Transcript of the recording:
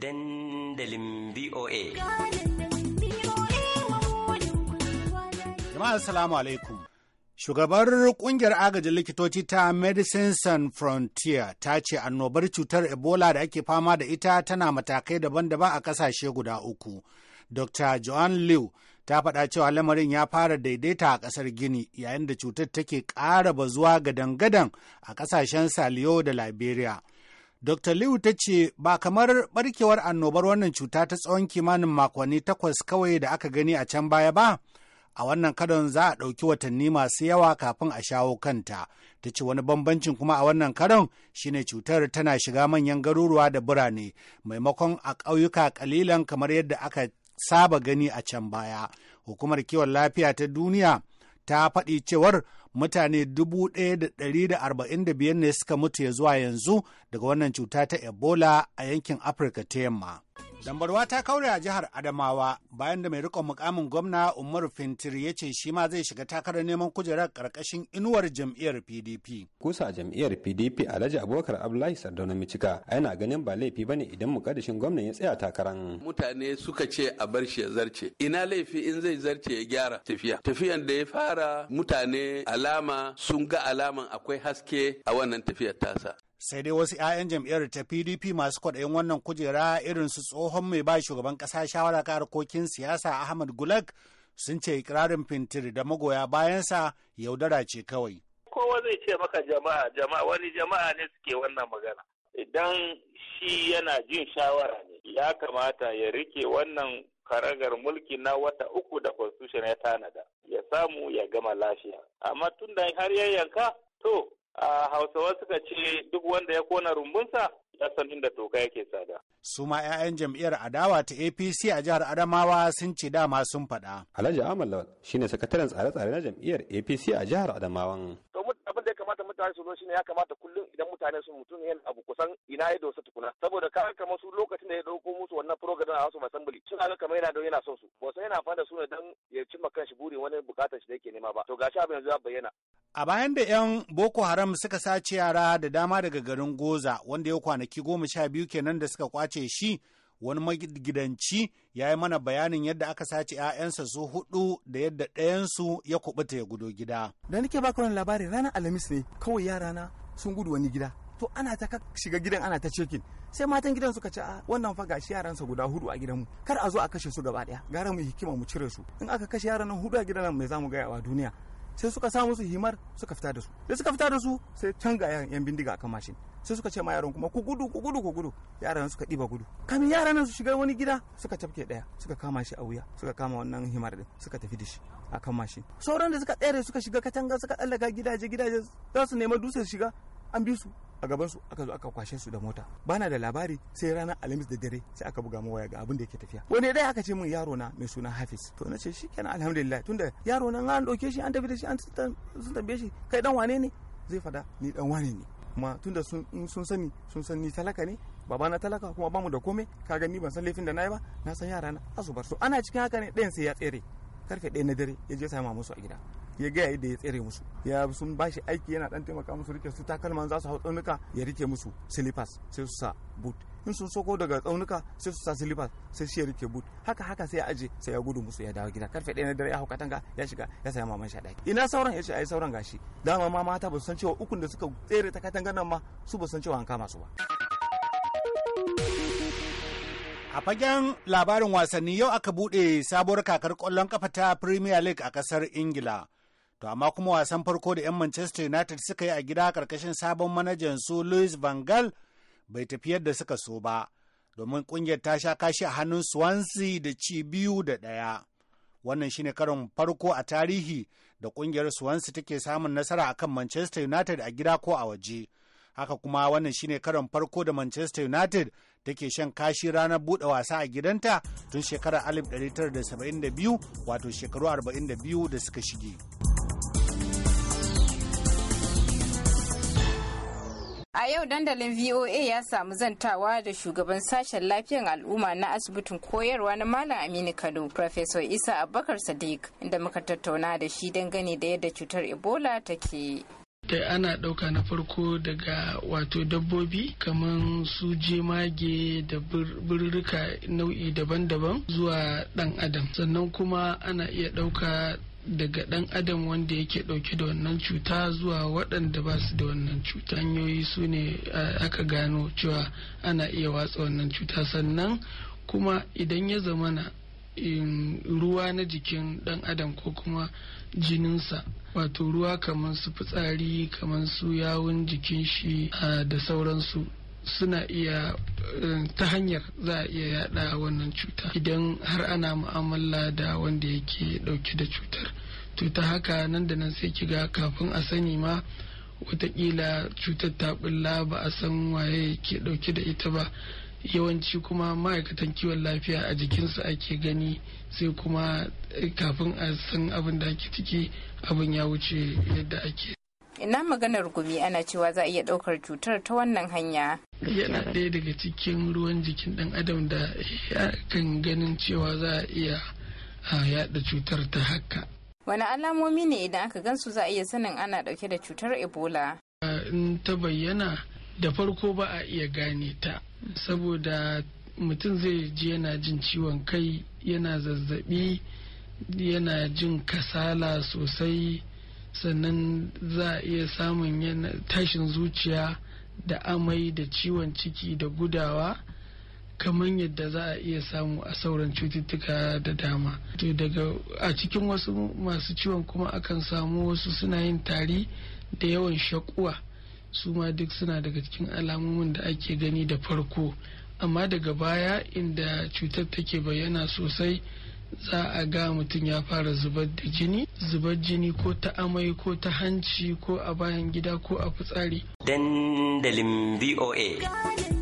dandalin VOA. Jama'a salamu alaikum. Shugabar kungiyar agajin likitoci ta Medicine san Frontier ta ce annobar cutar Ebola da ake fama da ita tana matakai daban-daban a ƙasashe guda uku. Dr. Joan Liu ta faɗa cewa lamarin ya fara daidaita a ƙasar Gini yayin da cutar take ƙara bazuwa gadan-gadan a ƙasashen Saliyo da Liberia. Dr. Liu ta ce ba kamar barkewar annobar wannan cuta ta tsawon kimanin makonni takwas kawai da aka gani a can baya ba, a wannan karon za a ɗauki watanni masu yawa kafin a shawo kanta. Ta ce wani bambancin kuma a wannan karon shine cutar tana shiga manyan garuruwa da birane maimakon a ƙauyuka ƙalilan kamar yadda aka saba gani a can baya. Hukumar kiwon lafiya ta duniya ta faɗi cewar mutane 1,145 ne suka mutu ya zuwa yanzu daga wannan cuta ta Ebola a yankin Afirka ta yamma. Dambarwa ta kaure a jihar Adamawa bayan da mai rikon mukamin gwamna Umaru Fintir ya ce shi ma zai shiga takarar neman kujerar karkashin inuwar jam'iyyar PDP. Kusa a jam'iyyar PDP Alhaji Abubakar Abdullahi Sardauna Micika yana ganin ba laifi bane idan mukaddashin gwamna ya tsaya takaran. Mutane suka ce a bar shi ya zarce. Ina laifi in zai zarce ya gyara tafiya. Tafiyan da ya fara mutane a alama sun ga alaman akwai haske a wannan tafiyar tasa. sai dai wasu 'ya'yan jam'iyyar ta pdp masu kwaɗayin wannan kujera irin su tsohon mai ba shugaban ƙasa shawara ka harkokin siyasa ahmad gulag sun ce ikirarin fintir da magoya bayansa yaudara ce kawai kowa zai ce maka jama'a jama'a wani jama'a ne suke wannan magana idan shi yana jin shawara ne ya kamata ya rike wannan karagar mulki na wata uku da constitution ya tanada samu ya gama lafiya amma tun da har ya yanka to a hausawa suka ce duk wanda ya kona rumbunsa ya san inda toka yake tsada. Suma 'ya'yan jam'iyyar adawa ta apc a jihar adamawa sun ce dama sun faɗa. alhaji amal lawal shine sakataren tsare-tsare na jam'iyyar apc a jihar Adamawa. mutane su zo shine ya kamata kullum idan mutane su mutum yana abu kusan ina ya dosa tukuna saboda ka kamar su lokacin da ya dauko musu wannan program a wasu assembly suna ga kamar yana da yana son su ba sai yana fada su ne dan ya cimma kanshi buri wani bukatar shi da yake nema ba to gashi abin yanzu ya bayyana A bayan da 'yan Boko Haram suka sace yara da dama daga garin Goza wanda ya kwanaki goma sha biyu kenan da suka kwace shi wani magidanci ya yi mana bayanin yadda aka sace 'ya'yansa su hudu da yadda ɗayansu ya kubuta ya gudo gida. Da nake baka wani labari ranar alhamis ne kawai yarana sun gudu wani gida. To ana ta shiga gidan ana ta cekin sai matan gidan suka ce a ah, wannan fa gashi yaransa guda hudu a mu kar a zo a kashe su gaba daya gara mu hikima mu cire su in aka kashe yaran nan hudu a gidan nan mai zamu gaya wa duniya sai suka sa musu himar suka fita da su da suka fita da su sai can ga yan bindiga akan mashin sai suka ce ma yaran kuma ku gudu ku gudu ku gudu yaran suka ɗiba gudu kamin yaran su shiga wani gida suka tafke daya suka kama shi a wuya suka kama wannan himar din suka tafi da shi akan mashin sauran da suka tsere suka shiga katanga suka tsallaka gidaje gidaje za su nema dutse su shiga an bi su a gaban su aka zo aka kwashe su da mota bana da labari sai ranar alhamis da dare sai aka buga mu waya ga abin da yake tafiya wani dai aka ce min yaro na mai suna hafiz to na ce shikenan alhamdulillah tunda yaro na an dauke shi an tafi da shi an sun tambaye shi kai dan wane ne zai fada ni dan wane ne kuma tunda sun sun sani sun sani talaka ne baba na talaka kuma bamu da komai ka gani ban san laifin da nayi ba na san yara na bar su ana cikin haka ne ɗayan sai ya tsere karfe ɗaya na dare ya je sama musu a gida ya ga yadda ya tsere musu ya sun bashi aiki yana dan taimaka musu rike su takalman za su hau tsaunuka ya rike musu silifas sai su sa boot in sun soko daga tsaunuka sai su sa silipas sai shi ya rike boot haka haka sai ya aje sai ya gudu musu ya dawo gida karfe ɗaya na dare ya hau katanga ya shiga ya saya maman shaɗa ina sauran ya ce ai sauran gashi dama ma mata ba su san cewa ukun da suka tsere ta katangar nan ma su ba san cewa an kama su ba. A fagen labarin wasanni yau aka buɗe sabuwar kakar kwallon kafa ta Premier League a kasar Ingila. To amma kuma wasan farko da 'yan Manchester United suka yi a gida karkashin sabon manajan su Luis Van Gaal bai tafi yadda suka so ba, domin kungiyar ta sha kashi a hannun Swansea da ci biyu da ɗaya. Wannan shine karon farko a tarihi da kungiyar Swansea take samun nasara akan Manchester United a gida ko a waje. Haka kuma wannan shine karon farko da Manchester United take shan kashi ranar buɗe wasa a gidanta tun shekarar 1972 wato shekaru 42 da suka shige. A yau dandalin VOA ya samu zantawa da shugaban sashen lafiyan al'umma na asibitin koyarwa na Malam Aminu Kano, Professor Isa Abubakar Sadiq, inda muka tattauna da shi dangane da yadda cutar Ebola take. da ana ɗauka na farko daga wato dabbobi kamar su jemage da birrika nau'i daban-daban zuwa ɗan adam sannan kuma ana iya ɗauka daga ɗan adam wanda yake ɗauke da wannan cuta zuwa waɗanda ba su da wannan cuta hanyoyi su ne eh, aka gano cewa ana iya watsa wannan cuta sannan kuma idan ya zamana ruwa na jikin ɗan adam ko kuma jininsa wato ruwa kamar su fitsari kamar su yawun jikin shi ah, da sauransu suna iya eh, ta hanyar za a iya yada wannan cuta idan har ana mu'amala da wanda yake dauke da cutar to ta haka nan da nan sai ga kafin a sani ma watakila cutar ta bulla ba a san waye ke dauke da ita ba yawanci kuma ma'aikatan kiwon lafiya a jikinsu ake gani sai kuma eh, kafin a san abin da ake ciki abin ya wuce yadda ake ina maganar gumi ana cewa za a iya ɗaukar cutar ta wannan hanya yana ɗaya daga cikin ruwan jikin ɗan adam da ya kan ganin cewa za a iya yaɗa cutar ta haka wani alamomi ne idan aka gansu za a iya sanin ana ɗauke da cutar ebola in ta bayyana da farko ba a iya gane ta saboda mutum zai ji yana jin ciwon kai yana zazzabi yana jin kasala sosai sannan za a iya samun tashin zuciya da amai da ciwon ciki da gudawa kamar yadda za a iya samu a sauran cututtuka da dama to daga a cikin wasu masu ciwon kuma akan samu wasu suna yin tari da yawan shakuwa su ma duk suna daga cikin alamomin da ake gani da farko amma daga baya inda cutar take bayyana sosai za a ga mutum ya fara zubar da jini zubar jini ko ta amai ko ta hanci ko a bayan gida ko a fitsari dandalin voa